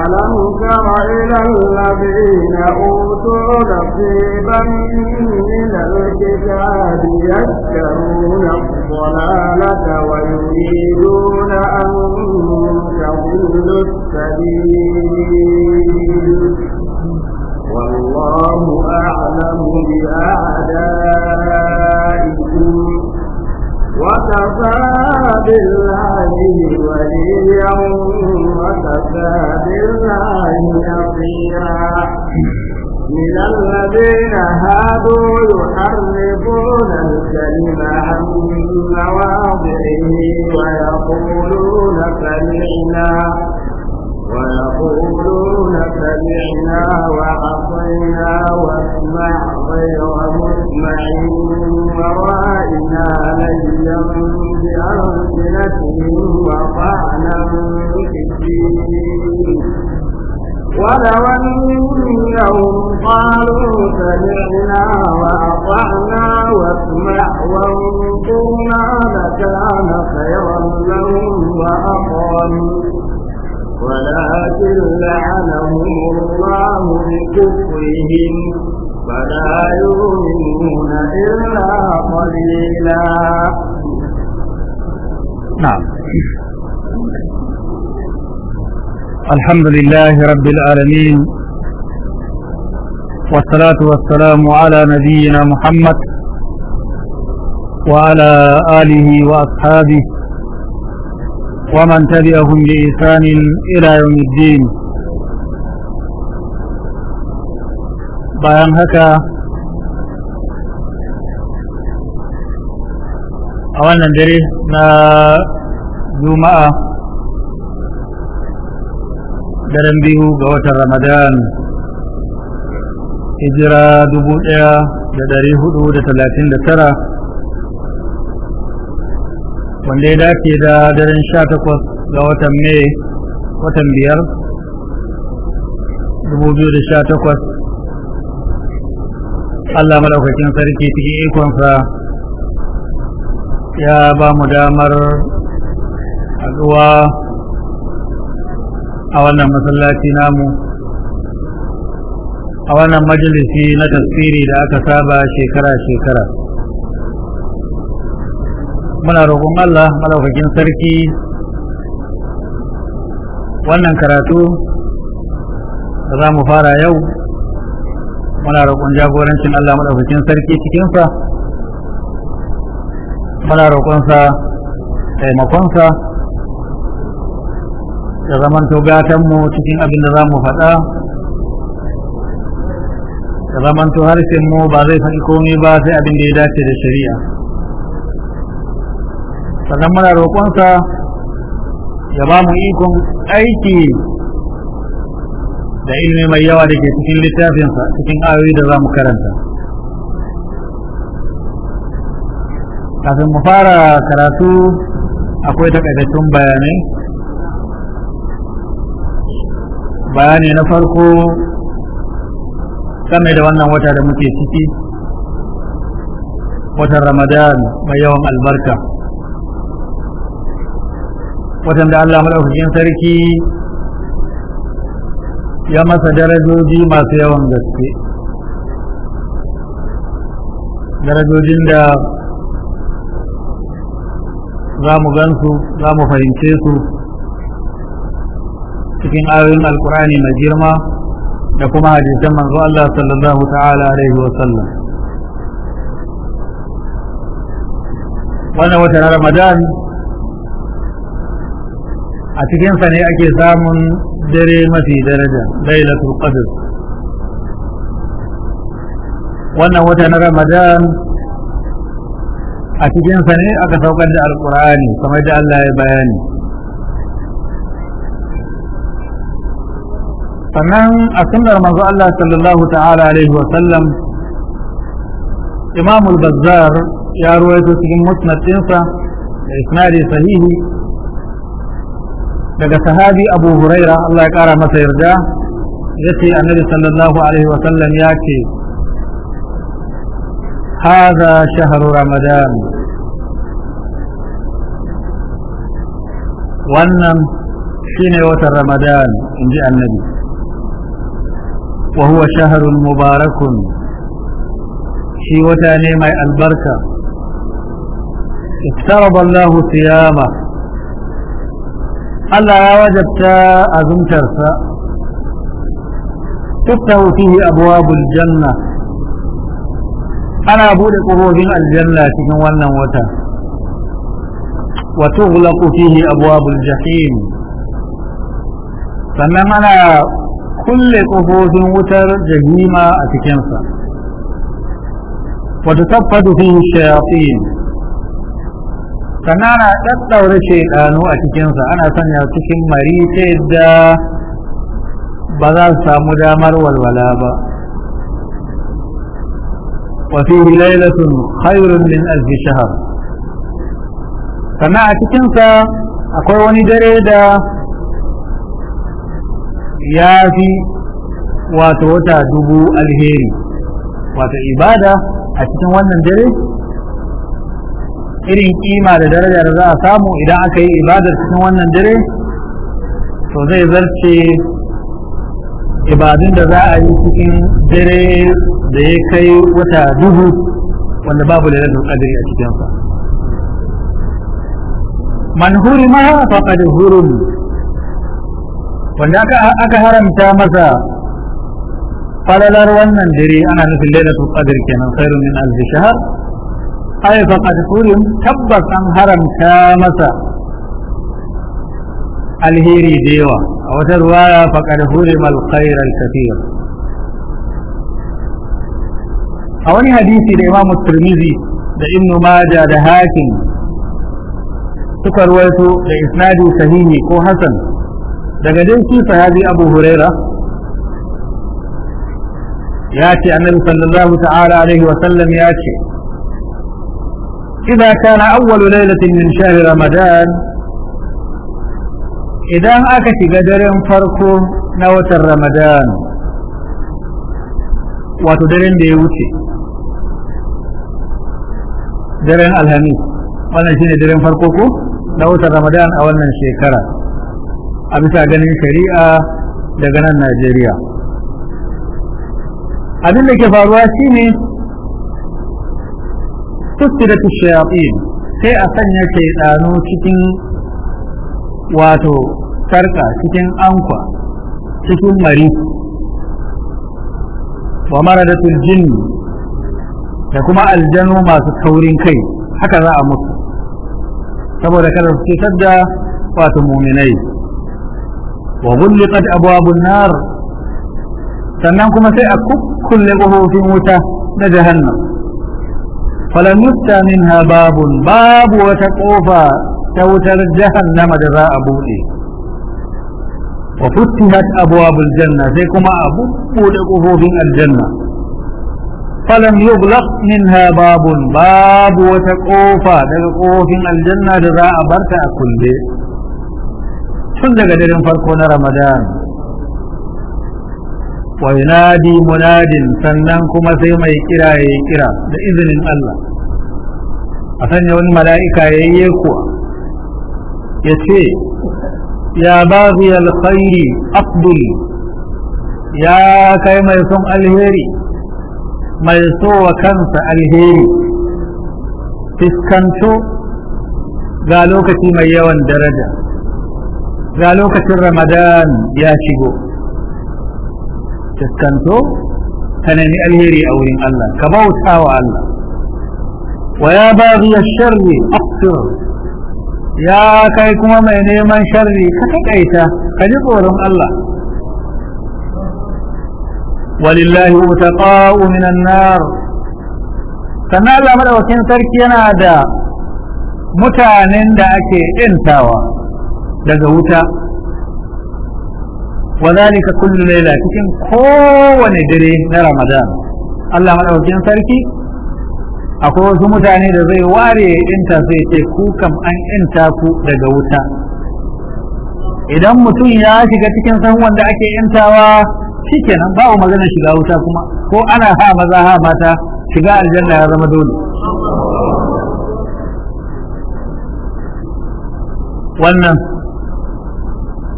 ألم تر إلى الذين أوتوا نصيبا من الكتاب يشكرون الضلالة ويريدون أن تضلوا السبيل والله أعلم بأعدائه وكفى بالله وليا وكفى بالله نصيرا من الذين هادوا يحرفون الكلم عن مواضعه ويقولون سمعنا ويقولون سمعنا وعصينا واسمع غير مسمع وراءنا ليا بألسنتهم وطعنا في ولو أنهم قالوا سمعنا وأطعنا واسمع وانظرنا لكان خيرا لهم وأقل ولكن لعنهم الله بكفرهم فلا يؤمنون إلا قليلا نعم الحمد لله رب العالمين والصلاة والسلام على نبينا محمد وعلى آله وأصحابه ومن تبعهم بإحسان إلى يوم الدين bayan haka a wannan dare na juma'a daren biyu ga watan ramadan hijira dubu ɗaya da dari hudu da talatin da tara wanda ya dace da daren sha takwas ga watan mai watan biyar dubu biyu da sha takwas Allah malaukakin sarki cikin ikonsa ya ba mu damar haɗuwa a wannan masallaci namu a wannan majalisi na tasiri da aka saba shekara-shekara muna roƙon Allah malaukakin sarki wannan karatu da za mu fara yau muna roƙon jagorancin Allah madaukakin sarki cikin sa muna roƙon sa taimakon sa ya zamanto gatan mu cikin abin da zamu faɗa ya zamanto harshen mu ba zai faɗi komai ba sai abin da ya dace da shari'a sannan muna roƙon sa ya ba mu ikon aiki da ilimi mai yawa da ke cikin littafinsa cikin ayoyi da za mu karanta kafin mu fara karatu akwai takaitattun bayanai bayani na farko game da wannan wata da muke ciki watan ramadan mai yawan albarka watan da allah maɗaukakin sarki ya masa darajoji masu yawan gaske darajojin da za mu gansu za mu fahimce su cikin ayoyin alkurani na girma da kuma hadisan manzo Allah sallallahu ta'ala alaihi wa sallam wannan watan ramadan a cikinsa ne ake samun dare mafi daraja lailatul qadr wannan wata na ramadan a cikinsa ne aka saukar da alkur'ani kamar da allah ya bayani sannan a sunnar manzo allah sallallahu ta'ala alaihi wasallam imamul bazzar ya ruwaito cikin musnad ɗinsa da isnadi sahihi daga sahabi abu huraira Allah ya kara masa yarda yace annabi sallallahu alaihi wasallam ya ce haza shaharu ramadan wannan shine watan ramadan inji annabi wa huwa shaharun mubarakun shi wata ne mai albarka افترض الله صيامه Allah ya wajabta azumtarsa tattahu fihi abwabul janna ana bude ƙofofin aljanna cikin wannan wata wa tughlaqu fihi abwabul jahim sannan ana kulle ƙofofin wutar jahima a cikinsa wa tutaffadu fihi shayatin sannan ana ɗaɗɗaure shaiɗanu a cikinsa ana sanya cikin mari ta yadda ba za su samu damar walwala ba وفيه ليلة خير من ألف sannan a cikinsa akwai wani dare da ya fi wata wata dubu alheri wata ibada a cikin wannan dare irin kima da daraja da za a samu idan aka yi ibadar cikin wannan dare to zai zarce ibadun da za a yi cikin dare da ya kai wata duhu wanda babu da lalata kadiri a cikinsa man huri ma faqad hurum wanda aka haramta masa falalar wannan dare ana nufin lailatul qadr kenan khairun min alf shahr أي فقد ظلم تبس أن هرم كامسا الهيري ديوة وتروايا فقد ظلم الخير الكثير أولي حديثي لإمام الترمذي لإبن ماجة لهاكم تكرويت لإسناد صحيح كو حسن لقدين كيف هذه أبو هريرة ياتي أن صلى الله تعالى عليه وسلم إذا كان أول ليلة من شهر رمضان إذا أكت قدر فرق نوة رمضان وتدرن ديوتي درن الهميس wannan shine daren farko ko na watan Ramadan a wannan shekara a bisa ganin shari'a daga nan Najeriya abin da ke faruwa shine ta shayatin sai a sanya shaytanu cikin wato sarka cikin ankwa cikin mari wa maradatul jinn da kuma aljanu masu taurin kai haka za a mutu saboda kada su cutar da wato muminai wa gulliqat abwabun nar sannan kuma sai a kukkulle kofofin wuta na jahannam falan yufta minha babun babu wata kofa ta wutar jahannama da za a buɗe wa futtihat abwabul janna sai kuma a buɗe kofofin aljanna falam yughlaq minha babun babu wata kofa daga kofofin aljanna da za a barta a kulle tun daga daren farko na ramadan wa yunadi munadin sannan kuma sai mai kira ya yi kira da izinin Allah a sanya wani mala'ika ya yi kuwa ya ce ya ba alkhairi afdul ya kai mai son alheri mai so wa kansa alheri fiskanto ga lokaci mai yawan daraja ga lokacin ramadan ya shigo taskanto ka nemi alheri a wurin Allah ka bauta wa Allah wa ya baghi ash-sharri aqsir ya kai kuma mai neman sharri ka takaita ka ji tsoron Allah walillahi mutaqa'u minan nar sannan Allah madaukakin sarki yana da mutanen da ake intawa daga wuta wa zalika kullu layla cikin kowane dare na ramadan Allah madaukakin sarki akwai wasu mutane da zai ware inta sai ce ku kam an inta ku daga wuta idan mutum ya shiga cikin san wanda ake intawa shikenan babu magana shiga wuta kuma ko ana ha maza ha mata shiga aljanna ya zama dole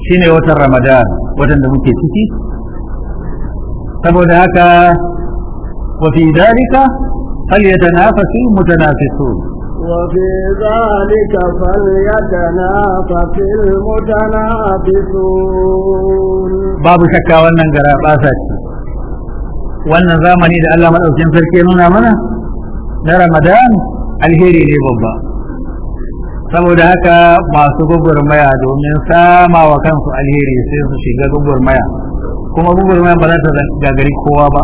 shine watan ramadan watan da muke ciki saboda haka wa fi dalika falyatanafasu mutanafisun وفي ذلك فليتنافس المتنافسون باب شكا wannan gara basa ce wannan zamani da Allah madaukakin sarki nuna mana na Ramadan alheri ne babba saboda haka masu gugurmaya domin sama wa kansu alheri sai su shiga gugurmaya kuma gugurmaya ba za ta gagari kowa ba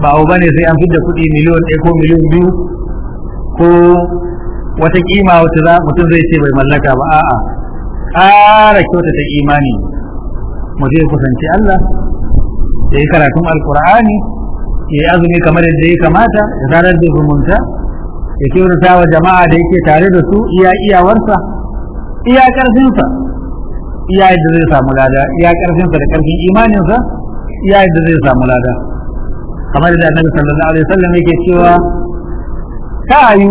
ba abu bane sai an fidda kuɗi miliyon ɗaya ko miliyon biyu ko wata kima wata za mutum zai ce bai mallaka ba a'a ƙara ta imani mutum ya kusanci Allah ya yi karatun alkur'ani ya yi azumi kamar yadda ya kamata ya zarar da zumunta ya kyautata wa jama'a da yake tare da su iya iyawarsa iya karfinsa iya yadda zai samu lada iya karfinsa da karfin imaninsa iya yadda zai samu lada kamar da annabi sallallahu alaihi wasallam yake cewa ta ayu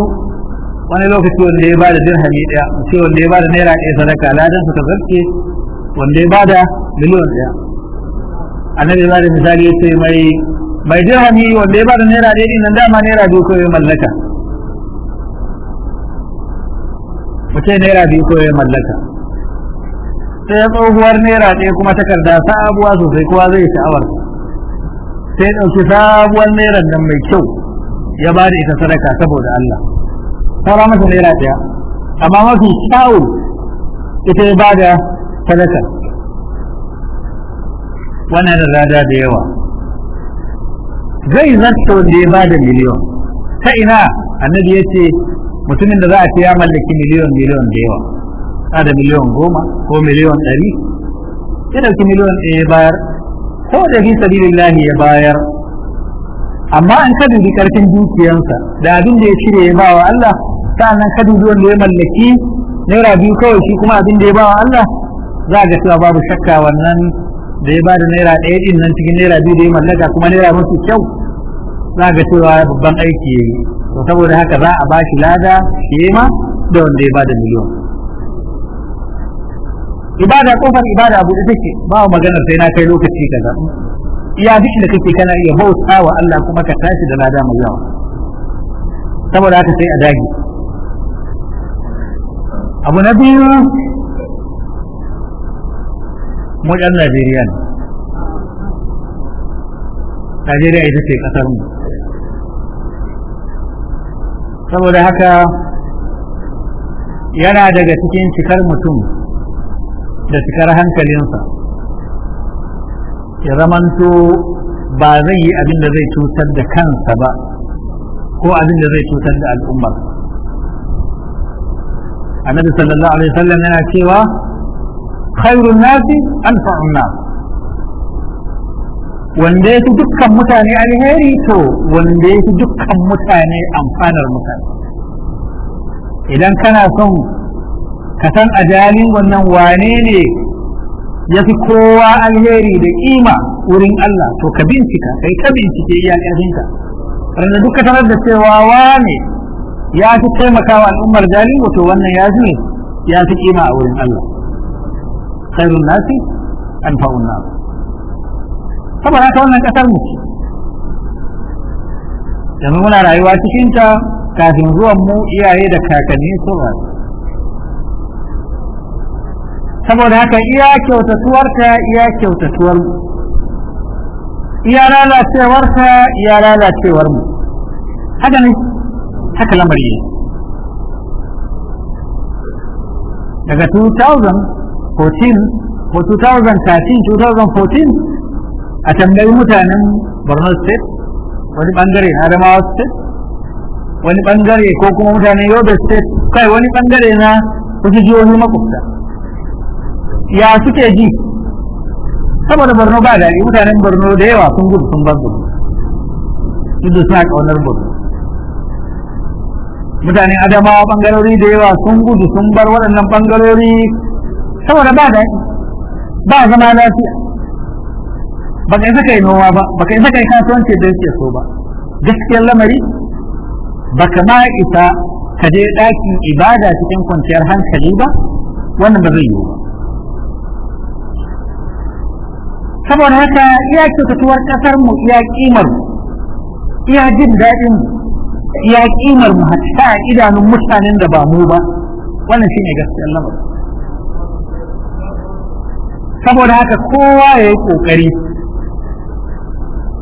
wani lokaci wanda ya bada dirhami daya ce wanda ya bada naira ɗaya sadaka ladan su ta zarce wanda ya bada miliyon daya annabi ba bada misali ya ce mai mai dirhami wanda ya bada naira ɗaya din nan dama naira biyu kawai mallaka wace naira biyu ko ya mallaka sai tsohuwar naira ɗaya kuma takarda sabuwa sosai kowa zai sha'awar sai ɗauki sabuwar naira nan mai kyau ya ba da ita sadaka saboda Allah saura masa naira ɗaya amma mafi kyawun ita ya ba da sadaka wannan da rada da yawa zai zarta wanda ya ba da miliyon ta ina annabi ya ce mutumin da za a ce ya mallaki miliyon miliyon da yawa a da miliyon goma ko miliyon ɗari ya ɗauki miliyon ɗaya ya bayar ko da fi sabilillahi ya bayar amma an ka dubi ƙarfin dukiyansa da abin da ya shirya ya bawa Allah sa'annan ka dubi wanda ya mallaki naira biyu kawai shi kuma abin da ya bawa Allah za ga cewa babu shakka wannan da ya bada naira ɗaya din nan cikin naira biyu da ya mallaka kuma naira mafi kyau za ga cewa babban aiki ya yi to saboda haka za a bashi lada shi ma da wanda ya bada miliyon ibada kofar ibada abu da take ba maganar sai na kai lokaci zaɓi iya duk da kake kana iya bauta wa Allah kuma ka tashi da lada mai yawa saboda haka sai a dage abu na biyu mu ɗan Najeriya ne Najeriya ita ce ƙasar mu saboda haka yana daga cikin cikar mutum da cikar hankalinsa ya zamanto ba zai yi abin da zai cutar da kansa ba ko abin da zai cutar da al'ummar annabi sallallahu alaihi wasallam yana cewa khairun nasi anfa'un nas wanda ya fi dukkan mutane alheri to wanda ya fi dukkan mutane amfanar mutane idan kana son ka san a jalin wannan wane ne ya fi kowa alheri da kima wurin Allah to ka bincika kai ka bincike iya ƙarfinka ranar duka sanar da cewa wane ya fi taimakawa al'ummar jalin wato wannan ya fi ya fi kima a wurin Allah khairun nasi anfa'un nas saboda haka wannan kasar mu yanzu muna rayuwa cikin ta kafin zuwan mu iyaye da kakanni su ba saboda haka iya kyautatuwarta iya kyautatuwar mu iya ta iya lalacewar mu haka ne haka lamari daga 2014 ko 2013 2014 a tambayi mutanen borno state wani bangare na adamawa state wani bangare ko kuma mutanen yobe state kai wani bangare na wasu jihohi makwabta ya suke ji saboda borno ba daɗi mutanen borno da yawa sun gudu sun bar borno duk da suna ƙaunar borno mutanen adamawa bangarori da yawa sun gudu sun bar waɗannan bangarori saboda ba daɗi ba zama lafiya baka isa kai noma ba baka isa kai kasuwanci da yake so ba gaskiyar lamari baka ma isa ka je ɗakin ibada cikin kwanciyar hankali ba wannan ba zai yiwu ba saboda haka iya kyautatuwar ƙasar mu iya ƙimar, iya jin daɗin iya ƙimar mu hatta a idanun mutanen da ba mu ba wannan shine gaskiyar lamari saboda haka kowa ya yi ƙoƙari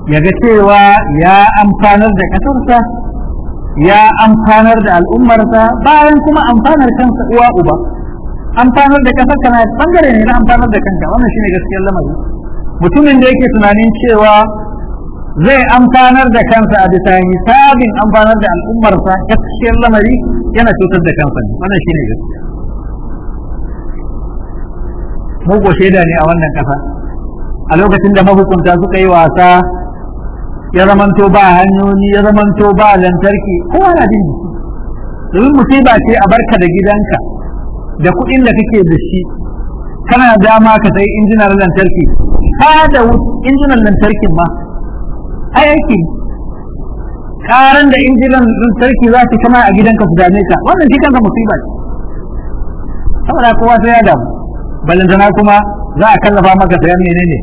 Yaga cewa ya amfanar da ƙasarsa ya amfanar da al'ummarsa bayan kuma amfanar kansa uwa uba amfanar da ƙasar kana bangare ne na amfanar da kanka wannan shine gaskiyar lamari mutumin da yake tunanin cewa zai amfanar da kansa a bisa hisabin amfanar da al'ummarsa gaskiyar lamari yana cutar da kansa wannan shine gaskiya mu ko shaida ne a wannan ƙasa a lokacin da mahukunta suka yi wasa ya zamanto ba hanyoyi ya zamanto ba lantarki kowa na jin jiki domin musiba ce a barka da gidanka da kuɗin da kake da shi kana dama ka sai injinar lantarki ka da injinar lantarkin ma aiki karan da injinan lantarki za su kama a gidanka su dame ka wannan shi kanka musiba ce saboda kowa sai ya damu balantana kuma za a kallafa maka sayan menene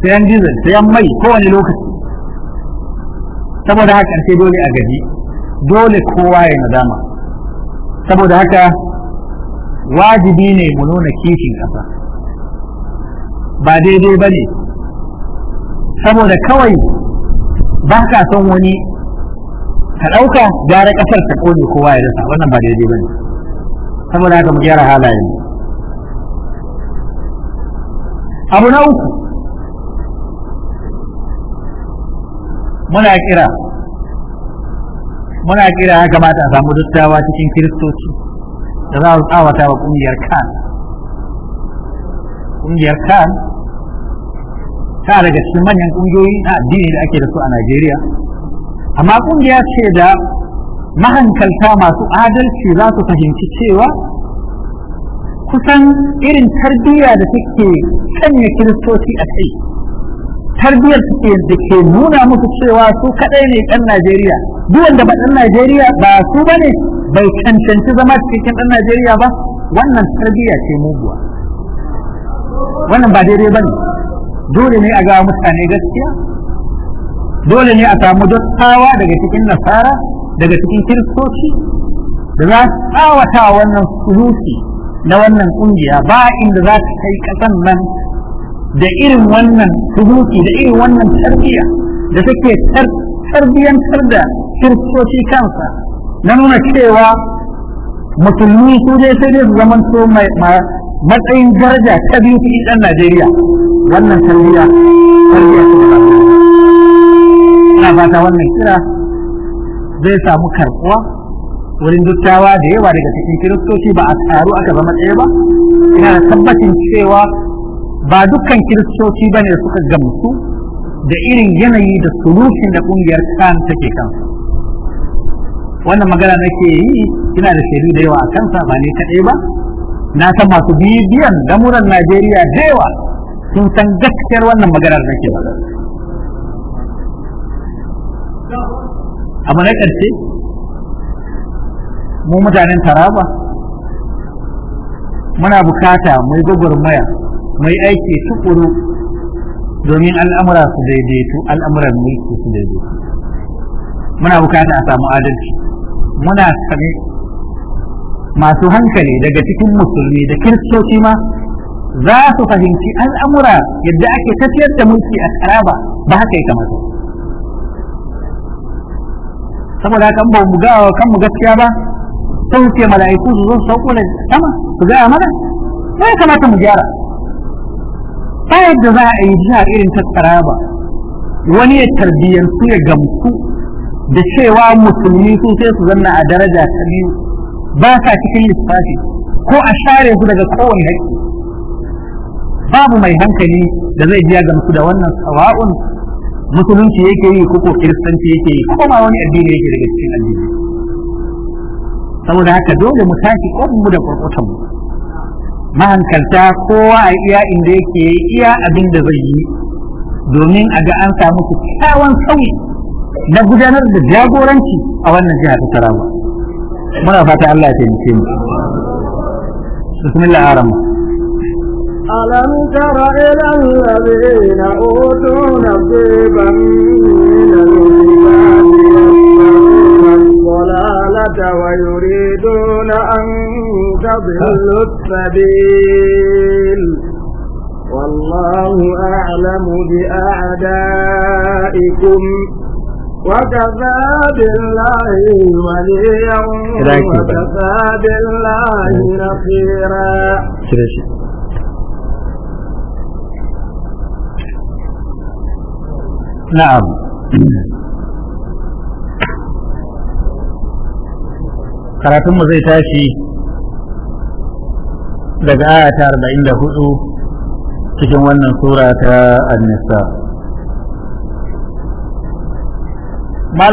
sayan dizal sayan mai kowane lokaci saboda haka sai dole a gaji dole kowa ya nadama saboda haka wajibi ne mu nuna kishin ƙasa ba daidai ba ne saboda kawai ba ka son wani ka ɗauka gara ƙasar ta ƙone kowa ya rasa wannan ba daidai ba ne saboda haka mu gyara halayen abu na uku muna kira muna kira ya kamata a samu dattawa cikin kiristoci da za su tsawata wa kungiyar kan kungiyar kan ta daga cikin manyan kungiyoyi na addini da ake da su a Najeriya amma kungiya ce da mahankalta masu adalci za su fahimci cewa kusan irin tarbiyya da take sanya kiristoci a kai tarbiyar da ke nuna musu cewa su kadai ne ɗan Najeriya duk wanda ba ɗan Najeriya ba su bane bai cancanci zama cikin ɗan Najeriya ba wannan tarbiyya ce muguwa wannan ba daidai ne dole ne a ga mutane gaskiya dole ne a samu dattawa daga cikin nasara daga cikin kiristoci da za su tsawata wannan suluki na wannan kungiya ba inda za ta kai kasan nan da irin wannan tuhuki da irin wannan tarbiyya da take tarbiyyantar da kiristoci kansa na nuna cewa musulmi su dai sai dai su zaman to matsayin daraja ta biyu cikin ɗan Najeriya wannan tarbiyya tarbiyya ce da ina fata wannan kira zai samu karkuwa wurin duttawa da yawa daga cikin kiristoci ba a taru aka zama ɗaya ba ina da tabbacin cewa ba dukkan kiristoci bane suka gamsu da irin yanayi da sulukin da kungiyar kan take kan wannan magana nake yi ina da shaidu da yawa a kansa ba ne kadai ba na san masu bibiyan lamuran najeriya da yawa sun san gaskiyar wannan maganar nake ba A na ƙarshe mu mutanen taraba muna bukata mai yi maya Mai yi aiki tukuru domin al'amura su daidaitu al'amuran mulki su daidaitu muna bukata a samu adalci muna sane masu hankali daga cikin musulmi da kiristoci ma za su fahimci al'amura yadda ake tafiyar da mulki a karaba ba haka ya kamata saboda kan ba mu gawa kan mu gaskiya ba ta wuce mala'iku su zo su sauko da sama su gaya mana ya kamata mu gyara ba yadda za a yi jiha irin ta tsaraba wani ya tarbiyyansu ya gamsu da cewa musulmi su sai su zanna a daraja ta biyu ba sa cikin lissafi ko a share su daga kowane haƙƙi babu mai hankali da zai biya gamsu da wannan sawa'un musulunci yake yi ko kiristanci yake yi ko ma wani addini yake daga cikin addini saboda haka dole mu tashi ko mu da kurkutan mu mahankalta kowa a iya inda yake iya abin da zai yi domin a ga an samu kyakkyawan sauyi na gudanar da jagoranci a wannan jihar ta Taraba muna fata Allah ya taimake mu bismillah arama ألم تر إلى الذين أوتوا نصيبا من ويريدون أن تضلوا السبيل والله أعلم بأعدائكم وكفى بالله وليا وكفى بالله نصيرا نعم karatun mu zai tashi daga aya ta hudu, cikin wannan sura ta an-nisa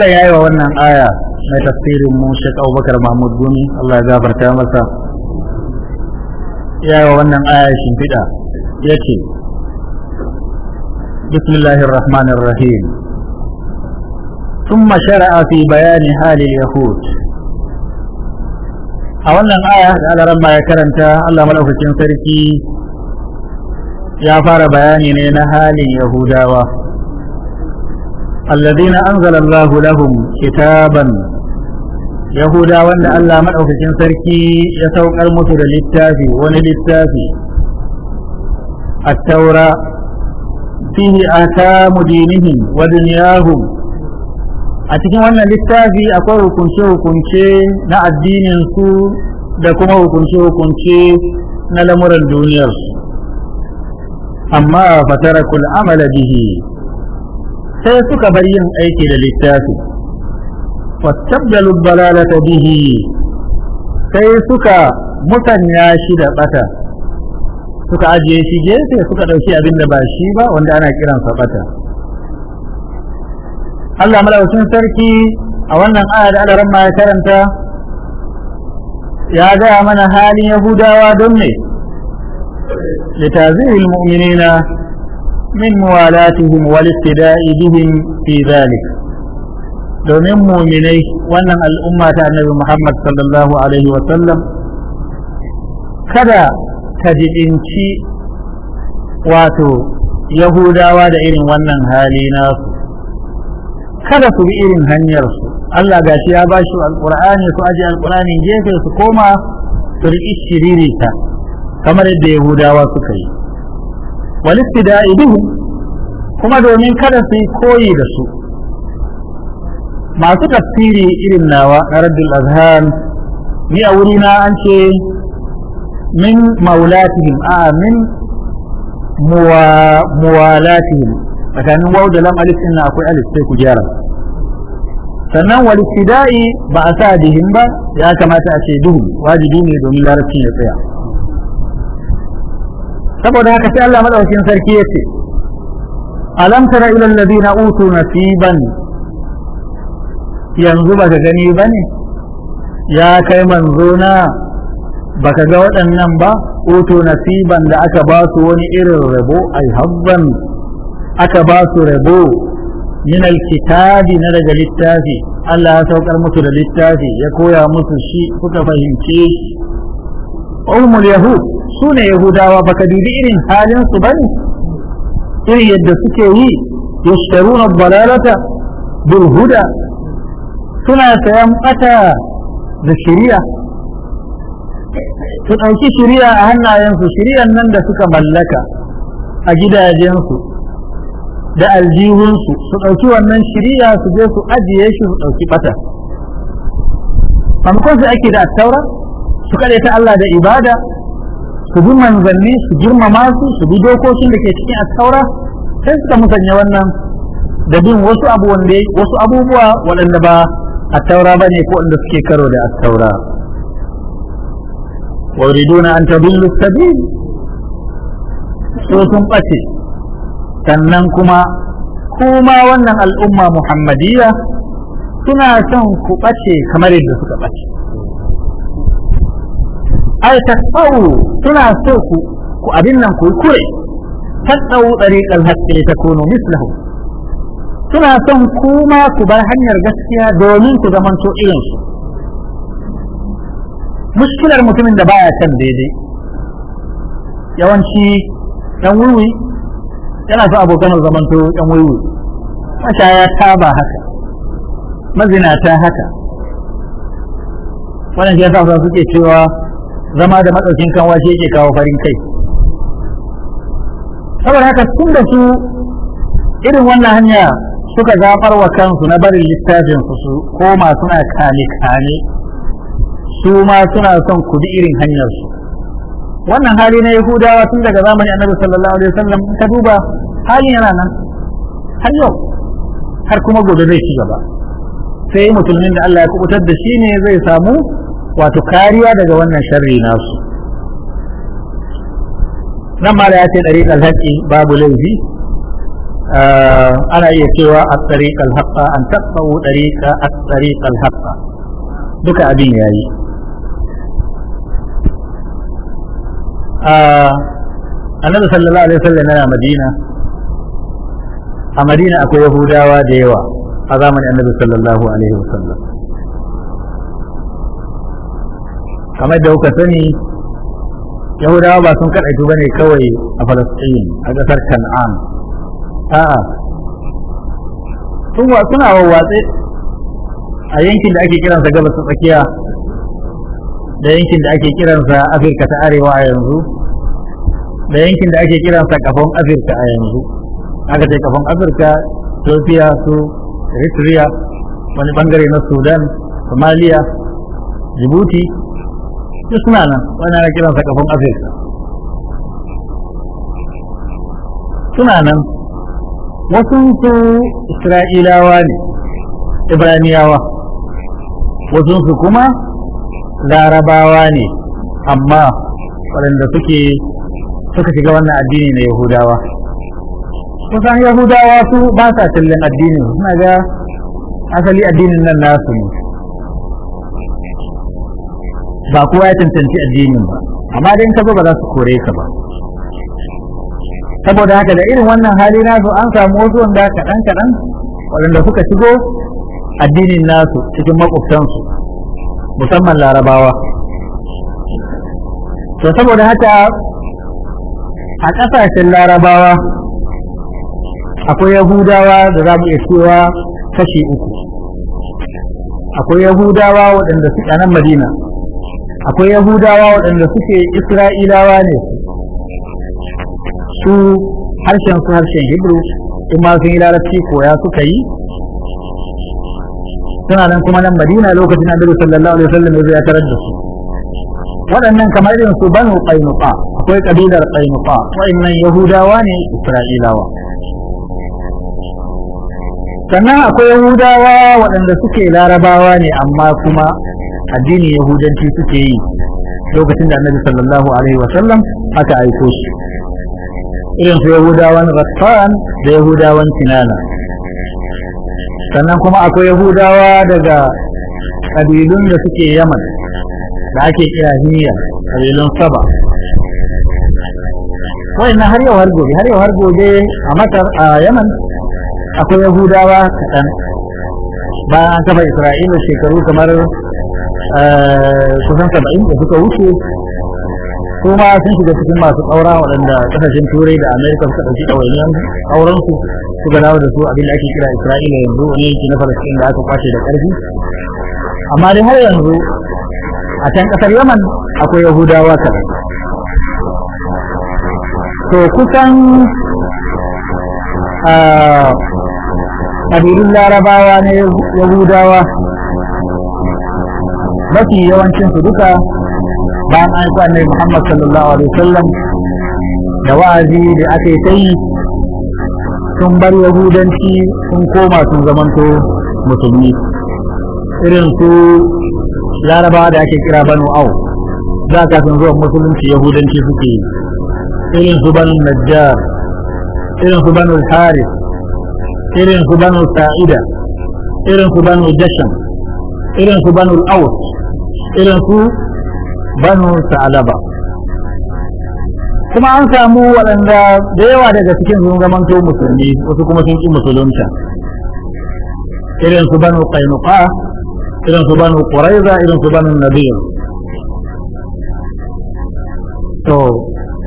ya yi wa wannan aya na tafsirin mu Sheikh Abubakar Mahmud Gumi Allah ya gabarta masa Ya yi wa wannan aya shimfiɗa ya yace bismillahir rahmanir rahim ثم شرع في بيان حال اليهود a wannan aya da alaran maya ya karanta Allah madaukakin sarki ya fara bayani ne na halin yahudawa alladhina anzala Allahu lahum kitaban Yahuda da Allah madaukakin sarki ya saukar musu da littafi wani littafi a taura fihi ahkamu dinihim wa dunyahum a cikin wannan littafi akwai hukunce-hukunce na addinin su da kuma hukunce-hukunce na lamuran duniyar amma fatarakul amala bihi sai suka bar yin aiki da littafi wastabdalu balalata bihi sai suka musanya shi da bata suka ajiye shi gefe suka ɗauki abin da ba shi ba wanda ana kiransa bata Allah malaukin sarki a wannan aya da Allah ma ya karanta ya gaya mana halin Yahudawa don ne لتعزيز المؤمنين من موالاتهم والاقتداء بهم في ذلك domin muminai wannan al'umma ta annabi Muhammad sallallahu alaihi wa sallam kada ka wato yahudawa da irin wannan hali nasu kada su bi irin hanyar su Allah gashi ya bashi alƙur'ani alqur'ani su aje alqur'ani gefe su koma su riƙi shiririta kamar yadda yahudawa suka yi walistida'i bihi kuma domin kada su yi koyi da su masu tafsiri irin nawa na raddul azhan ni a wuri na an ce min maulatihim a min muwalatihim tsakanin waw da lam alif din akwai alif sai ku gyara sannan wal ibtida'i ba a sa dihin ba ya kamata a ce duhu wajibi ne domin larabci ya tsaya saboda haka sai Allah madaukakin sarki ya ce alam tara ila alladhina utu nasiban yanzu baka gani bane ya kai manzo na baka ga waɗannan ba utu nasiban da aka ba su wani irin rabo ai habban aka ba su rabo min alkitabi na daga littafi Allah ya saukar musu da littafi ya koya musu shi Kuka fahimce ulmul yahud su ne yahudawa baka dubi irin halin su bane irin yadda suke yi yashtaruna dalalata bil huda suna sayan ɓata da shari'a su ɗauki shari'a a hannayensu shari'an nan da suka mallaka a gidajensu da aljihunsu su ɗauki wannan shiriya su je su ajiye shi su ɗauki ɓata amma su ake da attaura su ta Allah da ibada su bi manzanni su girmama su su bi dokokin da ke cikin attaura sai suka musanya wannan da bin wasu abubuwan da wasu abubuwa waɗanda ba attaura bane ko wanda suke karo da attaura wa yuriduna an tadillu sabil so sun ɓace sannan kuma kuma wannan al'umma muhammadiyya suna son ku ɓace kamar yadda suka ɓace ai tasau suna so ku ku abin nan ku kure tasau tariqal haqqi litakunu mislahu suna son kuma ku bar hanyar gaskiya domin ku zamanto irin su mushkilar mutumin da baya kan daidai yawanci dan wuri yana so abokan to yan waiwu mashaya ta ba haka mazinata haka wannan shi yasa suke cewa zama da matsaukin kan shi yake kawo farin kai saboda haka tun da su irin wannan hanya suka zafar wa kansu na barin littafin su koma suna kane kane su ma suna son ku irin hanyar su wannan hali na yahudawa tun daga zamani annabi sallallahu alaihi wasallam ta duba halin yana nan har yau har kuma gobe zai ci gaba sai mutumin da Allah ya kubutar da shi ne zai samu wato kariya daga wannan sharri nasu nan ma da ya ce ɗariƙ alhaƙi babu laifi ah, ana iya cewa a ɗariƙ alhaƙa an taɓa ɗariƙa a ɗariƙ alhaƙa duka abin yayi annabi sallallahu alaihi wasallam yana madina a madina akwai yahudawa da yawa a zamanin annabi sallallahu alaihi wasallam kamar da kuka sani yahudawa ba sun kaɗaitu ba ne kawai a falastin a ƙasar kan'an a'a suna wawwatse a yankin da ake kiransa gabas ta tsakiya da yankin da ake kiransa afirka ta arewa a yanzu da yankin da ake kiransa kafin afirka a yanzu aka ce kafin afirka ethiopia su eritrea wani bangare na sudan somalia djibouti suna nan wani ana kiransa kafin afirka suna nan wasu su isra'ilawa ne ibraniyawa wasu su kuma larabawa ne amma waɗanda suke suka shiga wannan addini na yahudawa kusan yahudawa su ba sa cillin addinin suna ga asali addinin nan nasu ne ba kowa ya cancanci addinin ba amma dai in ba za su kore ka ba saboda haka da irin wannan hali nasu an samu wasu wanda kaɗan kaɗan waɗanda suka shigo addinin nasu cikin makwabtansu musamman larabawa to saboda haka a ƙasashen larabawa akwai yahudawa da za mu iya cewa kashi uku akwai yahudawa waɗanda suke nan madina akwai yahudawa waɗanda suke isra'ilawa ne su harshen su harshen hebrew in ma sun yi larabci koya suka yi suna nan kuma nan madina lokacin annabi sallallahu alaihi wasallam ya tarar da su waɗannan kamar irin su banu qainuqa akwai kabilar qainuqa wa'annan yahudawa ne isra'ilawa sannan akwai yahudawa waɗanda suke larabawa ne amma kuma addinin yahudanci suke yi lokacin da annabi sallallahu alaihi wasallam aka aiko su. irin su yahudawan rattan da yahudawan kinana sannan kuma akwai yahudawa daga ƙabilun da suke yaman da ake kira hiyya ƙabilun saba wai na har yau har gobe har yau har gobe a matar a yaman akwai yahudawa kaɗan Ba an kafa isra'ila shekaru kamar eh, kusan saba'in da suka wuce Kuma sun shiga cikin masu ƙaura waɗanda ƙasashen turai da amerika suka ɗauki ɗawainiyar aurensu su ga dawo da su abin da ake kira isra'ila yanzu wani yanki na falastin da aka kwace da ƙarfi amma dai har yanzu a can ƙasar yaman akwai yahudawa ka. to kusan ƙabilun larabawa na yahudawa mafi yawancinsu duka bayan an sa Muhammad sallallahu alaihi wasallam da wa'azi da ake ta yi sun bar yahudanci sun koma sun zamanto musulmi irin su larabawa da ake kira banu au za ka sun zuwa musulunci yahudanci suke irin su banu najjar irin su banu haris irin su banu sa'ida irin su banu jashan irin su banu aus irin su banu salaba kuma an samu waɗanda da yawa daga cikin sun zamanto musulmi wasu kuma sun ƙi musulunta irin su banu qainuqa irin su banu quraiza irin su banu nadir to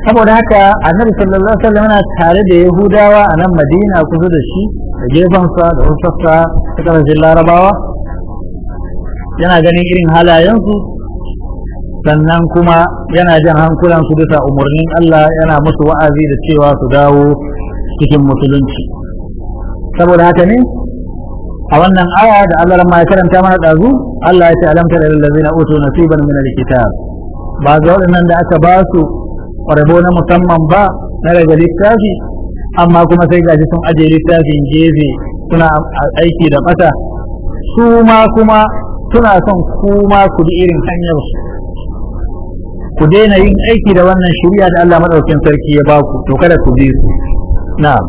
saboda haka annabi sallallahu alaihi wasallam yana tare da yahudawa a nan madina kusa da shi da gefensa da wasu sassa ta ƙarshen larabawa yana ganin irin halayensu sannan kuma yana jan hankulan su bisa umarnin Allah yana musu wa'azi da cewa su dawo cikin musulunci saboda haka ne a wannan aya da Allah ma ya karanta mana dazu Allah ya ce alam tara lil ladina utu nasiban min al kitab ba ga waɗannan da aka ba su rabo na musamman ba na daga littafi amma kuma sai ga sun aje littafin gefe suna aiki da mata su ma kuma suna son kuma ku irin hanyar ku daina yin aiki da wannan shari'a da Allah madaukakin sarki ya ba ku to kada ku bi su na'am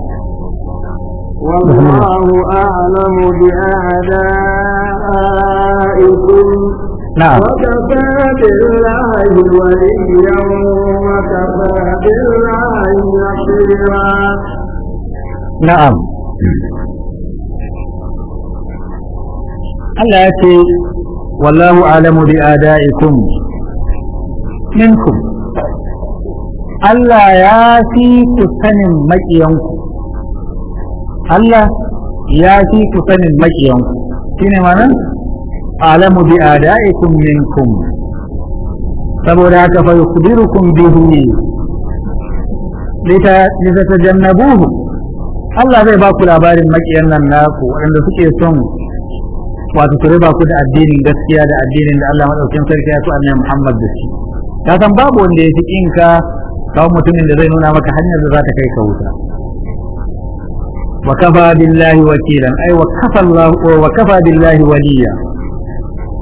والله أعلم بأعدائكم نعم وكفى بالله وليا وكفى بالله نصيرا نعم Allah ya ce wallahu alamu bi adaikum minkum Allah ya fi ku sanin maƙiyanku Allah ya fi ku sanin maƙiyanku shine ma'anar alamu bi a adaikum minkum saboda haka fa yukhbirukum bihi lita buhu Allah zai baku labarin makiyan nan na ku waɗanda suke son wato su riba da addinin gaskiya da addinin da Allah madaukakin sarki ya so annabi Muhammad da shi ka san babu wanda ya fi kinka kawo mutumin da zai nuna maka hanyar da za ta kai ka wuta wa kafa billahi wakilan ai wa kafa Allah wa kafa billahi waliya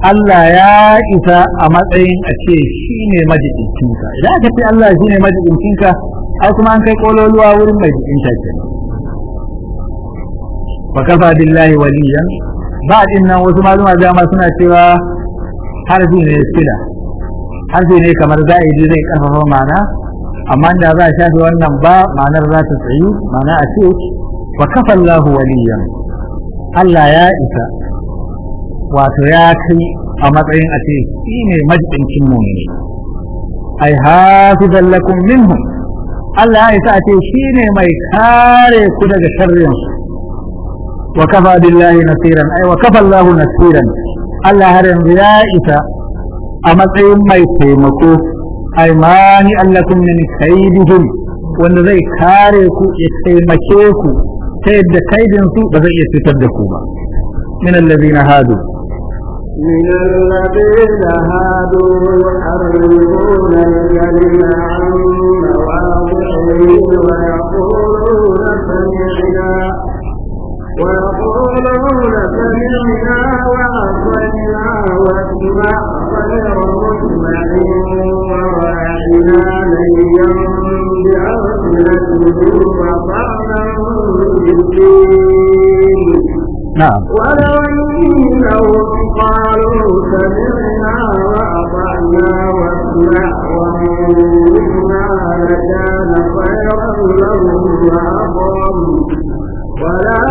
Allah ya isa a matsayin a ce shi shine majidincinka idan aka ce Allah shi shine majidincinka ai kuma an kai kololuwa wurin mai jikinka kenan wa kafa billahi waliya ba din nan wasu maluma dama suna cewa harfi ne sila harfi ne kamar za'idi zai karfafa ma'ana amma da za a shafi wannan ba ma'anar za ta tsayu ma'ana a ce wa kafa Allahu waliyan Allah ya isa wato ya kai a matsayin a ce shi ne majibincin mu'mini ai hafizan lakum minhum Allah ya isa a ce shi ne mai kare ku daga sharrin wa kafa billahi nasiran ai wa kafa Allahu nasiran Allah har yanzu ya isa a matsayin mai taimako aimani allakum min kaidihim wanda zai kare ku ya taimake ku ta yadda kaidin su ba zai iya fitar da ku ba min allazina hadu من الذين هادوا يحرمون الكلم عن مواضعه ويقولون سمعنا ويقولون سمعنا وعصينا واتبع غير مسمع وراعنا ليا بأرضنا وطعنا بالدين نعم ولو انهم قالوا سمعنا واطعنا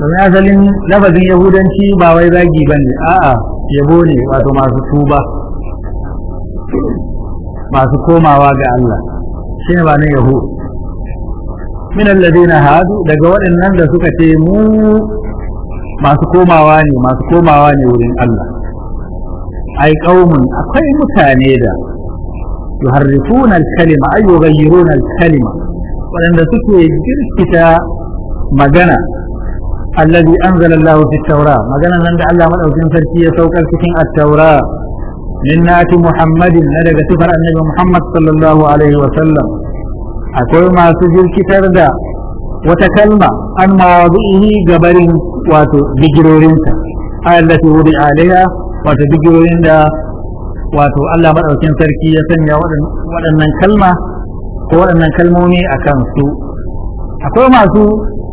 domin zalin lafazin yahudanci ba wai zagi ba ne a'a yabo ne wato masu tuba masu komawa ga Allah shi ne ba na yahu min alladhina hadu daga waɗannan da suka ce mu masu komawa ne masu komawa ne wurin Allah ai qaumun akwai mutane da yuharrifuna al-kalima ay yughayyiruna al-kalima waɗanda suke jirkita magana alladhi anzala Allahu magana nan da Allah madaukin sarki ya saukar cikin at-taura min nati daga sifar annabi Muhammad sallallahu alaihi wa da wata kalma an mawadu'ihi gabarin wato da Allah madaukin sarki ya sanya waɗannan kalma ko waɗannan kalmomi a kansu akwai masu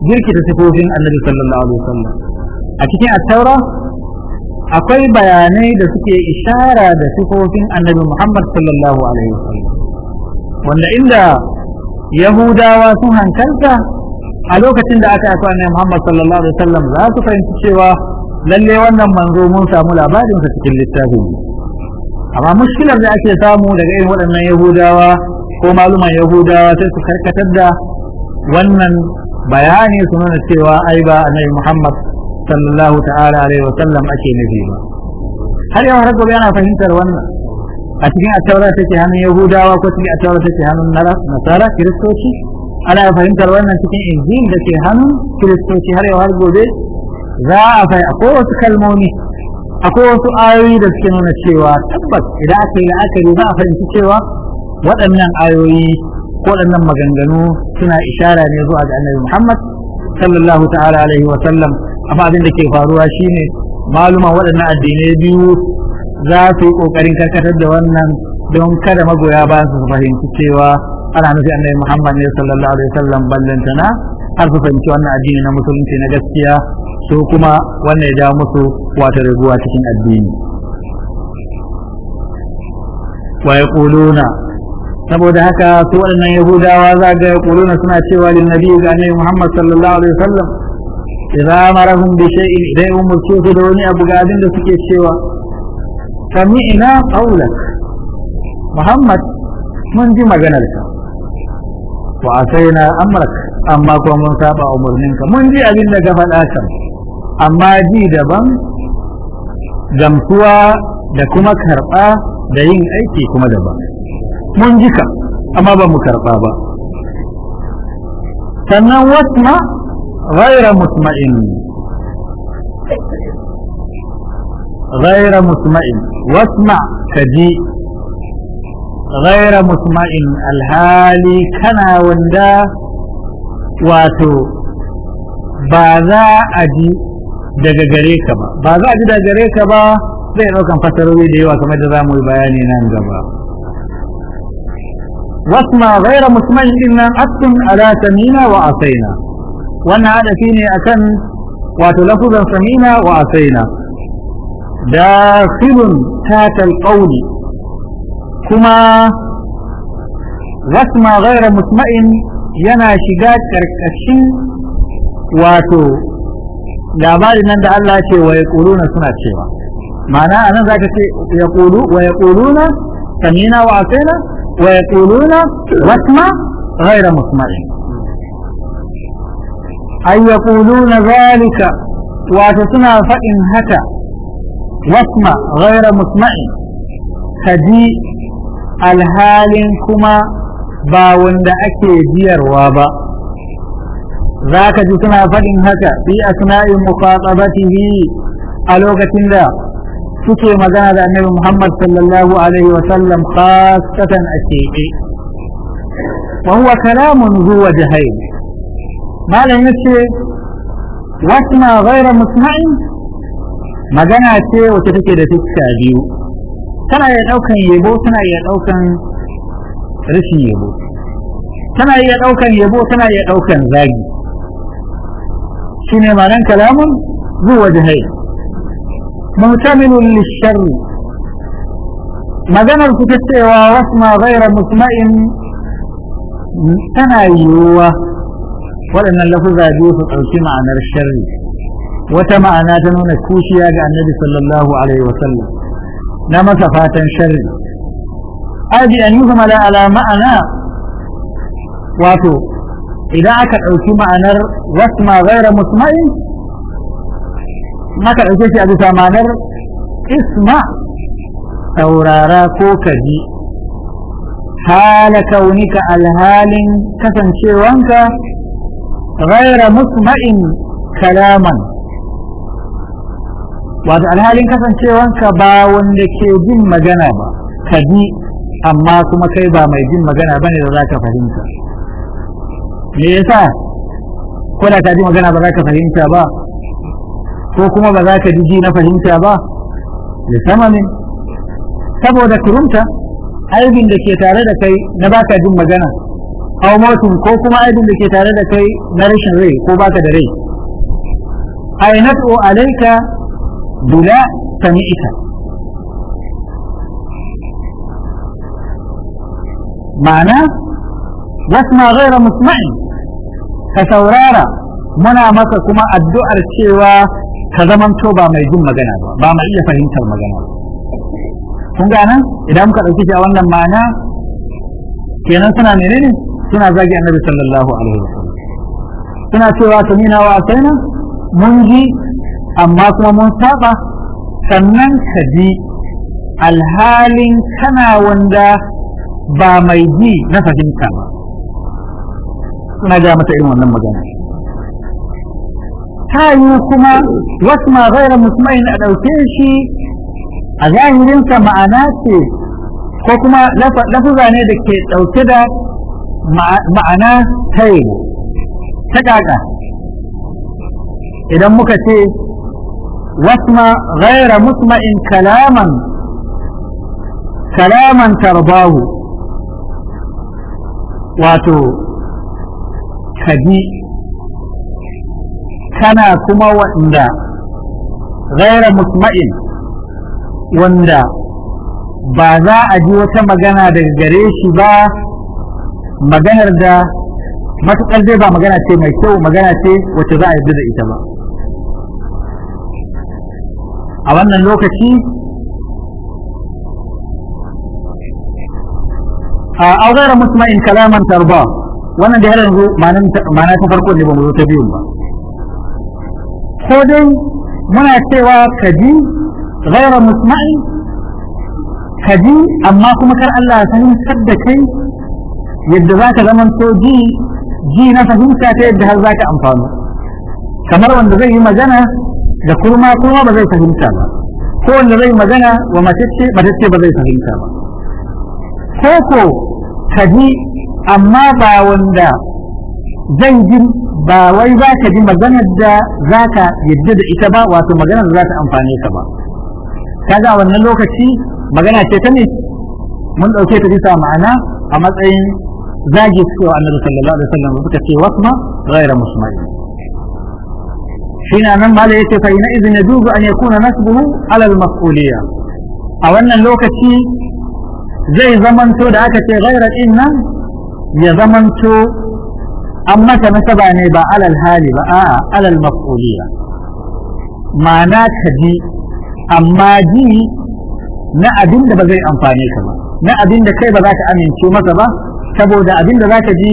da sifofin annabi sallallahu alaihi wasallam a cikin at-taura akwai bayanai da suke ishara da sifofin annabi Muhammad sallallahu alaihi wasallam wanda inda yahudawa sun hankalta a lokacin da aka yi annabi Muhammad sallallahu alaihi wasallam za su fahimci cewa lalle wannan manzo mun samu labarin sa cikin littafin amma mushkilar da ake samu daga irin waɗannan yahudawa ko maluman yahudawa sai su karkatar da wannan bayani su nuna cewa ai ba annabi Muhammad sallallahu ta'ala alaihi wa sallam ake nufi ba har yau har gobe ana fahimtar wannan a cikin attaura take hannun yahudawa ko cikin attaura take hannun nasara kiristoci ana fahimtar wannan cikin injil da ke hannun kiristoci har yau har gobe za a fai akwai wasu kalmomi akwai wasu ayoyi da suke nuna cewa tabbas idan aka yi la'akari za a fahimci cewa waɗannan ayoyi waɗannan maganganu suna ishara ne zuwa ga annabi Muhammad sallallahu ta'ala alaihi wa sallam amma abin da ke faruwa shine maluma waɗannan addinai biyu za su yi ƙoƙarin karkatar da wannan don kada magoya ba su fahimci cewa ana nufi annabi Muhammad ne sallallahu alaihi wa sallam ballantana har su fahimci wannan addini na musulunci na gaskiya to kuma wannan ya ja musu wata raguwa cikin addini wa yaquluna saboda haka su waɗannan yahudawa za ga yaquluna suna cewa lin nabi ga annabi Muhammad sallallahu alaihi wasallam idza marahum bi shay'in idan umurtu su da wani abu ga abin da suke cewa sami'na qawlak Muhammad mun ji maganarka wa na amrak amma kuma mun saba ka mun ji abin da ka faɗa kan amma ji daban gamsuwa da kuma karɓa da yin aiki kuma daban mun ji ka amma ba mu karɓa ba sannan wasma ghaira musma'in ghaira musma'in wasma ka ji ghaira musma'in alhali kana wanda wato ba za a ji daga gare ka ba ba za a ji daga gare ka ba zai ɗaukan fasarori da yawa kamar da za mu yi bayani nan gaba wasma ghaira musman din nan aktun ala samina wa asaina wannan hadafi ne akan wato lafuzan samina wa asaina dakhilun tata alqawl kuma wasma ghaira musma'in yana shiga karkashin wato labarin nan da Allah ce wa yaquluna suna cewa ma'ana anan ce wa samina wa asaina ويقولون واسمع غير مطمئن أي يقولون ذلك واتسنا فإن هكا واسمع غير مطمئن فدي الهال كما باون وند أكي دير وابا ذاك جسنا فإن هكا في أثناء مخاطبته ألوكة الله suke magana da annabi Muhammad sallallahu alaihi wa sallam khasatan a keke wa huwa kalamun zuwa jahil malam yace wasma ghaira musma'in magana ce wacce take da fuska biyu tana iya daukan yabo tana iya daukan rashin yabo tana iya daukan yabo tana iya daukan zagi shine malam kalamun zuwa jahil مهتمل للشر ما دام الكتبت ورسم غير مطمئن تنايوة ولأن اللفظة دي فتعشي عن الشر وتمعنا تنون الكوشي على النبي صلى الله عليه وسلم نما صفات شر أجل أن يفهم على على معنى واتو إذا أكد عشي معنى رسم غير مطمئن maka ɗauke shi a bisa ma'anar isma saurara ko kaji hala kaunika alhalin kasancewanka ghaira musma'in kalaman wato alhalin kasancewanka ba wanda ke jin magana ba kaji amma kuma kai ba mai jin magana ne da za ka fahimta me yasa ko da ka ji magana ba za ka fahimta ba ko kuma ba za ka ji ji na fahimta ba ya sama ne saboda kurumta aibin da ke tare da kai na baka jin magana aw ko kuma aibin da ke tare da kai na rashin rai ko baka da rai ainatu alaika bila sami'ika ma'ana wasma ghaira musma'in ka saurara muna masa kuma addu'ar cewa ka zamanto ba mai jin magana ba ba mai iya fahimtar magana kun gane nan idan muka ɗauki shi a wannan ma'ana kenan suna menene suna zagi annabi sallallahu alaihi wasallam suna cewa samina wa asaina mun ji amma kuma mun saba sannan ka ji alhalin kana wanda ba mai ji na fahimta ba suna ga mata irin wannan magana ta yi kuma wasu ma gaira musmain a ɗauke shi a zahirinsa ma'ana ce ko kuma lafuza ne da ke ɗauke da ma'ana ta yi ta ƙaƙa idan muka ce wasu ma gaira musmain kalaman kalaman tarbahu wato kabi kana kuma wanda gaira musma'in wanda ba za a ji wata magana daga gare shi ba maganar da matuƙar zai ba magana ce mai kyau magana ce wacce za a yi da ita ba a wannan lokaci a augara musma'in kalaman tarba wannan da yanzu ma'ana ta farko ne ba mu zo ta biyun ba ko dai muna cewa ka ji musma'i ka ji amma kuma kar Allah sanin fahimtar da kai yadda za ka zama to ji ji na fahimta ta yadda har za ka amfanu kamar wanda zai yi magana da kurma kurma ba zai fahimta ba ko wanda zai magana wa matacce matacce ba zai fahimta ba ko ko ka ji amma ba wanda zan ji ba wai za ka ji maganar da za ka yadda da ita ba wato maganar da za ta amfane ka ba ga wannan lokaci magana ce ta ne mun ɗauke ta bisa ma'ana a matsayin zagi cewa annabi sallallahu alaihi wasallam suka ce wasma ghaira musmai shine nan mala yace fa ina idin yajuzu an yakuna nasbuhu ala al mas'uliyya a wannan lokaci zai zamanto da aka ce ghaira din nan ya zamanto an mata nasaba ne ba alal hali ba a'a alal maf'uliya ma'ana ka ji amma ji na abin da ba zai amfane ka ba na abin da kai ba za ka amince masa ba saboda abin da za ka ji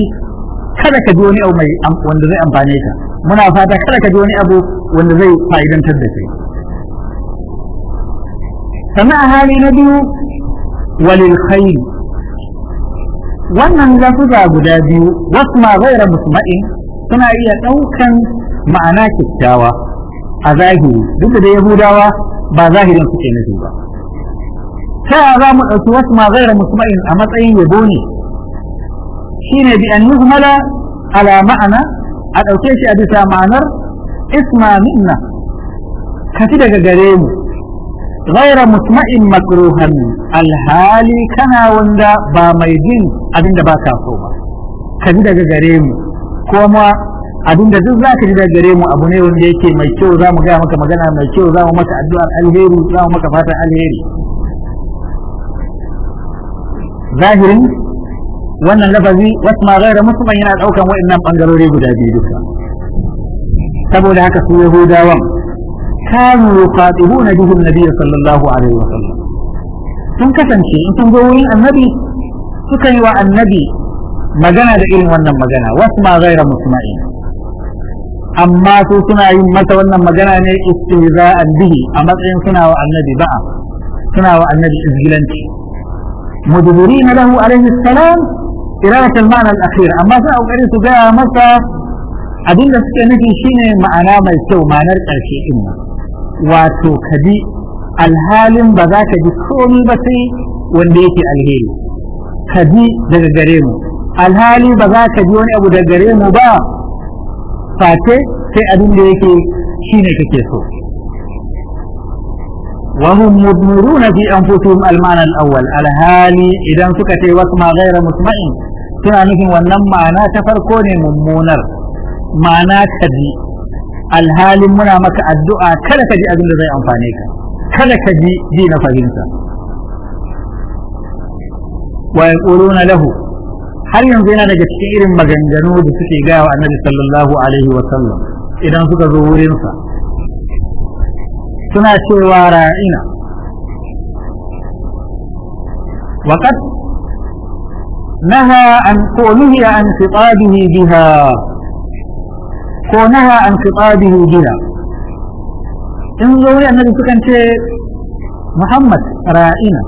kada ka ji wani abu mai wanda zai amfane ka muna fata kada ka ji wani abu wanda zai fa'idantar da kai sannan a hali na biyu walil khairi wannan lafuza guda biyu wasu ma gaira musma'in suna iya ɗaukan ma'ana kyakkyawa a zahiri duk da yahudawa ba zahirin suke nufi ba ta yaya za mu ɗauki wasu ma gaira musma'in a matsayin yabo ne shine bi an yuzmala ala ma'ana a ɗauke shi a bisa ma'anar isma minna ka daga gare mu غير مسمع مكروها alhali kana wanda ba mai jin abinda ba ka so ba ka ji daga gare mu kuma abinda duk za ka ji daga gare mu abu ne wanda yake mai kyau za mu gaya maka magana mai kyau za mu maka addu'ar alheri za mu maka fatan alheri zahirin wannan lafazi wasu ma gaira musamman yana ɗaukan wa'annan bangarori guda biyu duka saboda haka su ya dawan. كانوا يقاتلون به النبي صلى الله عليه وسلم sun kasance in sun zo wurin annabi suka yi wa annabi magana da irin wannan magana wasu ma gaira musma'in amma su suna yin masa wannan magana ne istihza'an bihi a matsayin suna wa annabi ba'a suna wa annabi izgilanci mudbirina lahu alaihi salam irata al-ma'na al-akhir amma sai kokarin su ga masa abinda suke nufi shine ma'ana mai kyau ma'anar karshe din nan wato ka bi alhalin ba za ka ji komi ba sai wanda yake alheri ka bi daga gare mu alhali ba za ka ji wani abu daga gare mu ba face sai abin da yake shine kake so وهم مضمرون في أنفسهم المعنى الأول الهالي إذا سكت واسمع غير مسمع سنة نفهم ونم معنى تفركون ممونر معنى كذي alhalin muna maka addu'a kada ka ji abin da zai amfane ka kada ka ji ji na fahimta wa yaquluna lahu har yanzu yana daga cikin irin maganganu da suke ga wa annabi sallallahu alaihi wa sallam idan suka zo wurin sa suna cewa ra'ina وقد نهى عن قوله عن خطابه بها ko naha an khitabihi biha in zo ne annabi sukan ce Muhammad ra'ina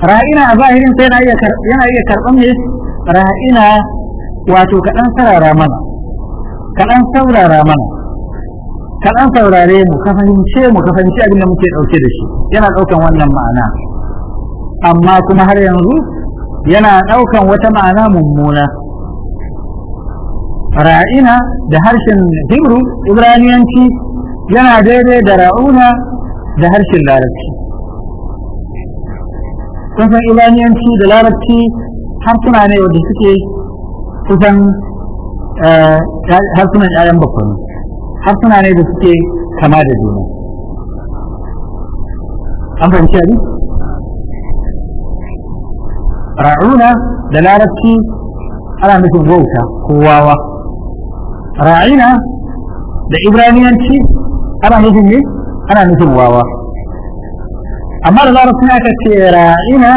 ra'ina a zahirin sai yana iya karɓar ne ra'ina wato kaɗan sarara mana kaɗan saurara mana kaɗan saurare mu ka fahimce mu ka fahimci abin da muke ɗauke da shi yana ɗaukan wannan ma'ana amma kuma har yanzu yana ɗaukan wata ma'ana mummuna ra'ina da harshen hebru ibraniyanci yana daidai da ra'una da harshen larabci kun san ibraniyanci da larabci harsuna ne wanda suke kusan eh, harsunan ƴaƴan bakwai harsuna ne da suke kama da juna an fahimci abin ra'una da larabci ana nufin wauta ko wawa راعينا ده إبرانيا شيء أنا نجم لي أنا نجم واوا أما لا رسمنا راعينا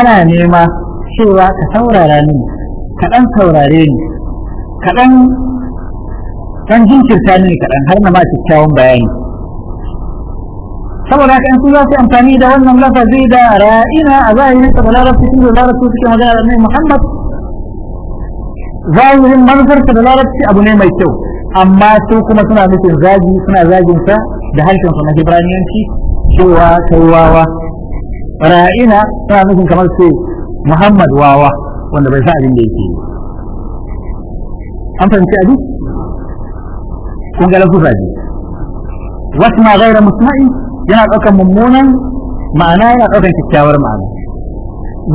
أنا نيمة شو كثورة راني كأن ثورة راني كأن كان جين كرتاني كأن هل ما تتشاهم بأي سوى لك أن تلا في أمتاني دولنا ملفا زيدا رائنا أبائي نتبه لا رسول الله رسول الله محمد zahirin manufarsa da larabci abu ne mai kyau amma su kuma suna nufin zagi suna zagin sa da harshen sa na ibraniyanci cewa kai wawa ra'ina suna nufin kamar sai muhammad wawa wanda bai sa abin da yake an fahimci abin kun ga lafuza ne wasu ma gaira musma'i yana ɗaukar mummunan ma'ana yana ɗaukar kyakkyawar ma'ana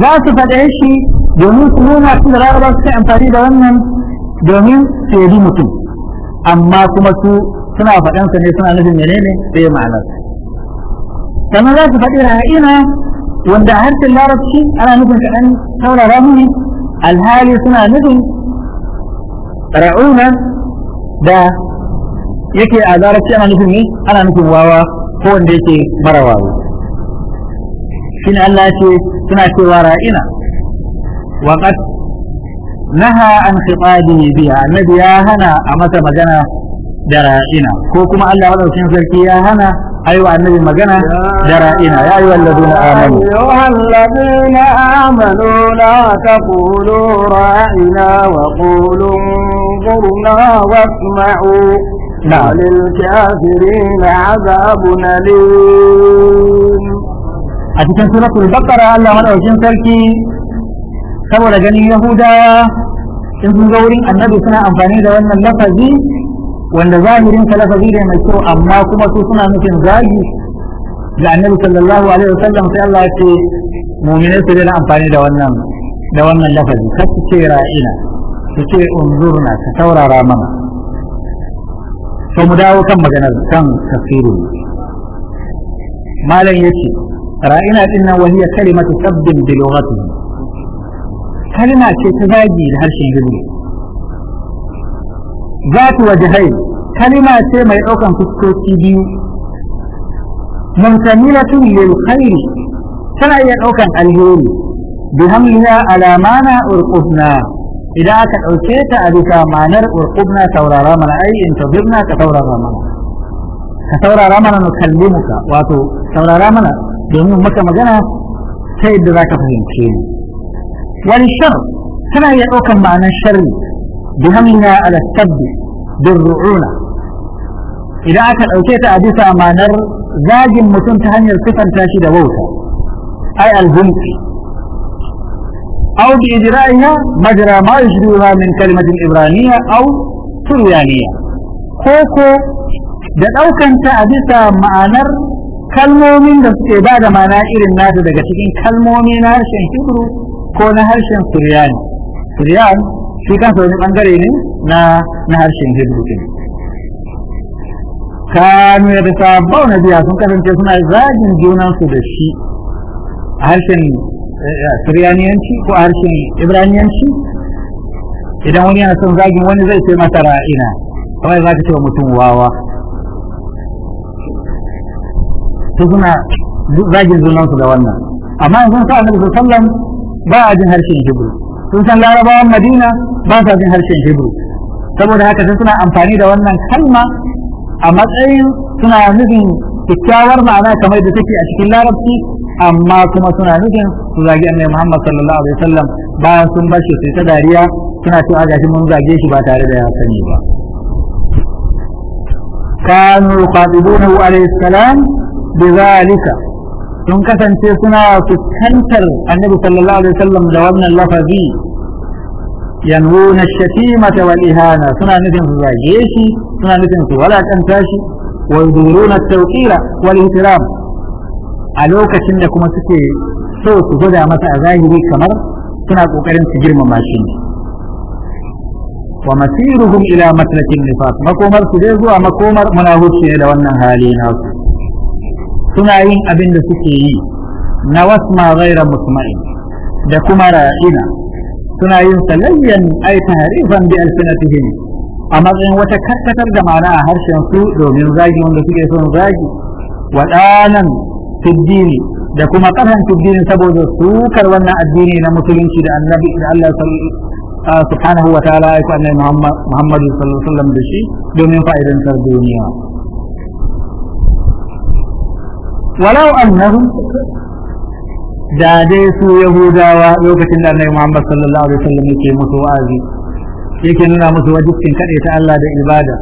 za su faɗe shi domin su nuna su da laraba suka amfani da wannan domin su yabi mutum amma kuma su suna faɗansa ne suna nufin menene ɗaya ma'anar sannan za su faɗi ra'ina wanda harshen larabci ana nufin kaɗan saurara mini alhali suna nufin ra'una da yake a larabci ana nufin ne ana nufin wawa ko wanda yake mara wawa shine Allah ce suna cewa ra'ina وقد نهى عن خطابه بها النبي يا هنا أمس مجانا درائنا كوكما ألا ولو كان يا هنا أيوة النبي مجانا درائنا يا أيها الذين آمنوا أيها الذين آمنوا لا تقولوا رأينا وقولوا انظرنا واسمعوا نعم وللكافرين عذاب أليم أتكن سورة البقرة ألا ولو كان saboda ganin yahudawa in sun ga wurin annabi suna amfani da wannan lafazi wanda zahirin sa lafazi ne mai kyau amma kuma su suna nufin zagi da annabi sallallahu alaihi wasallam sai Allah ya ce mu'minai su daina amfani da wannan da wannan lafazi kar su ce ra'ina su ce unzurna su saurara mana to mu dawo kan maganar kan tafsirin malam yace ra'ina dinnan wahiyar kalimatu sabbin bi lughatihim kalma ce ta zagi da harshen za Iblis waje wajhai kalma ce mai ɗaukan fuskoki biyu mumtamilatun lil khairi tana iya ɗaukan alheri bi hamliha ala mana urqubna idan aka ɗauke ta a bisa ma'anar urqubna taurara mana ai in tazirna ka taurara mana ka taurara mana mu kallimuka wato taurara mana domin maka magana ta yadda za ka fahimce ni وللشر كما هي أوكل معنى الشر بهمنا على السب بالرعونة إذا أتى الأوكيت أبيس أمانر ذاج متن تهني الكفر تاشد ووتا أي الهمك أو بإدرائها مجرى ما يجريها من كلمة إبرانية أو سريانية كوكو da ɗaukanta a bisa ma'anar kalmomin da suke ba da ma'ana irin nasu daga cikin kalmomi na harshen hebrew ko na harshen suryani suryan shi kansa wani bangare ne na na harshen hebrew din kanu ya bisa bau na biya sun kasance suna zagin su da shi a harshen eh, suryaniyanci ko a harshen ibraniyanci idan wani yana son zagin wani zai ce masa ra'ina kawai za ka ce mutum wawa su suna zagin su da wannan amma yanzu sa annabi sallallahu alaihi wasallam ba a jin harshen Hebrew sun san larabawan Madina ba sa jin harshen Hebrew saboda haka sai suna amfani da wannan kalma a matsayin suna nufin kyakkyawar ma'ana kamar da take a cikin larabci amma kuma suna nufin su zagi annabi Muhammad sallallahu alaihi wasallam bayan sun bar shi sai ta dariya suna cewa gashi mun zage shi ba tare da ya sani ba كانوا يخاطبونه Salam السلام بذلك sun kasance suna fuskantar annabi sallallahu alaihi wasallam da wannan lafazi yanwuna shatimata wal ihana suna nufin su zage shi suna nufin su walakanta shi wa yuduruna tawqira wal ihtiram a lokacin da kuma suke so su gwada masa a zahiri kamar suna kokarin su girmama shi wa masiruhum ila maslakin nifaq makomar su dai zuwa makomar munafiki da wannan hali nasu suna yin abin da suke yi na wasu ma ghaira musma'in da kuma ra'ina suna yin salayyan ai tarifan bi alsinatihim a matsayin wata karkatar da ma'ana a harshen su domin zagi wanda suke son zagi waɗanan fiddini da kuma ƙasan fiddini saboda sukar wannan addini na musulunci da annabi da Allah subhanahu wa ta'ala ya ku annabi Muhammad sallallahu alaihi wasallam da shi domin fa'idantar duniya walau annahum da dai su yahudawa lokacin da الله عليه sallallahu alaihi متوازي يكي musu wa'azi yake nuna musu ta Allah da ibada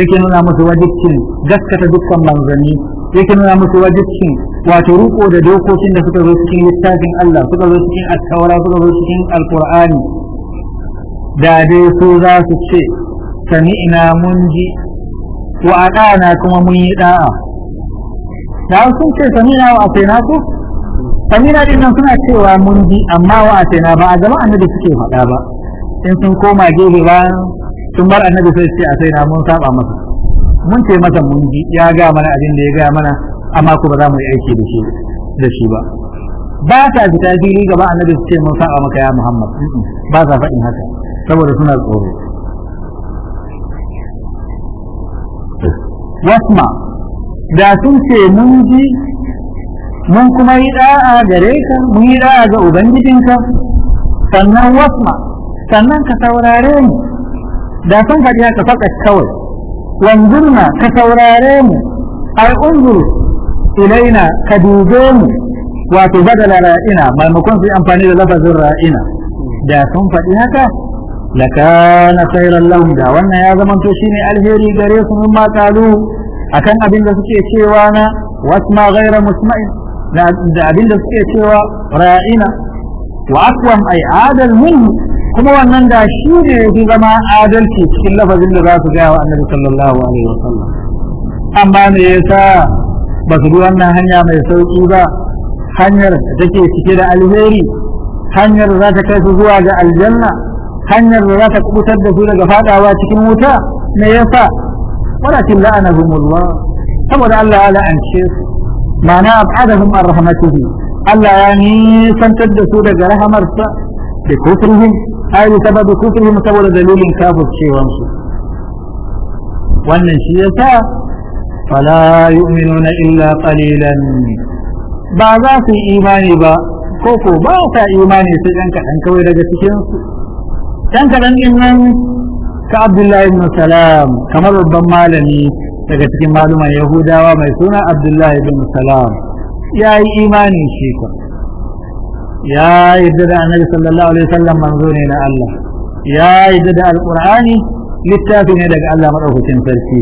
yake nuna musu wajibcin gaskata dukkan manzanni yake nuna musu wajibcin wato ruko da dokokin da suka zo cikin littafin Allah suka zo cikin at-taura suka zo cikin alqur'ani da dai su za su ce ina mun ji wa kuma mun yi da'a da sun ce samina wa asina ku? samina din nan suna cewa mun ji amma wa asina ba a gaba annabi suke faɗa ba in sun koma gefe ba sun bar annabi sai ce asina mun saba masa mun ce masa mun ji ya ga mana abin da ya ga mana amma ko ba za mu yi aiki da shi da shi ba ba sa fita fili gaba annabi su ce mun saba maka ya Muhammad ba sa faɗin haka saboda suna tsoro wasma da sun ce mun ji mun kuma yi da'a gare ka mun yi da'a ga ubangijinka sannan wasma sannan ka saurare mu da sun faɗi haka faɗa kawai wanzurna ka saurare mu ai ilaina ka dube mu wato badala ra'ina maimakon su yi amfani da lafazin ra'ina da sun faɗi haka lakana khairan lahum da wannan ya zamanto shine alheri gare su mun ma akan abin da suke cewa na wasma ghaira musma'in da abin da suke cewa ra'ina wa aqwam ay adal kuma wannan da shi ne yake zama adalci cikin lafazin da za su gaya wa annabi sallallahu alaihi wasallam amma me yasa ba su bi wannan hanya mai sauki ba hanyar da take cike da alheri hanyar da za ta kai su zuwa ga aljanna hanyar da za ta kubutar da su daga fadawa cikin wuta me yasa walakin la'anahumullah saboda Allah ya la'ance su ma'ana abadahum an rahmatihi Allah ya nisantar da su daga rahamarsa da kufrihim ai da sababu kufrihim saboda dalilin kafircewan su wannan shi yasa fala yu'minuna illa qalilan ba za su yi imani ba ko ko ba sa imani sai dan kadan kawai daga cikin su dan kadan din nan ka abdullahi ibn salam kamar babban malami daga cikin maluman yahudawa mai suna abdullahi ibn salam ya yi imani shi ka ya yarda da annabi sallallahu alaihi wasallam manzo ne na Allah ya yarda da alqur'ani littafi ne daga Allah madaukakin sarki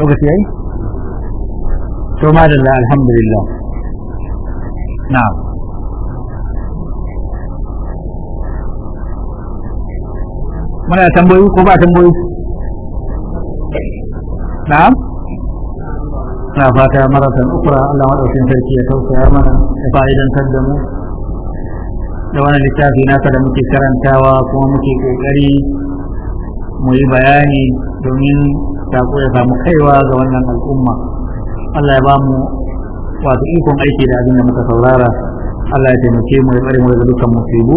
lokaci yayi to madalla alhamdulillah na'am muna tambayi ko ba tambayi na'am na fata maratan ukura Allah madaukakin sarki ya tausaya mana ya fa'idantar da mu da wani littafi naka da muke karantawa kuma muke kokari mu yi bayani domin sako ya samu kaiwa ga wannan al'umma Allah ya ba mu wato ikon aiki da abin da muka saurara Allah ya taimake mu ya bari mu daga dukkan musibu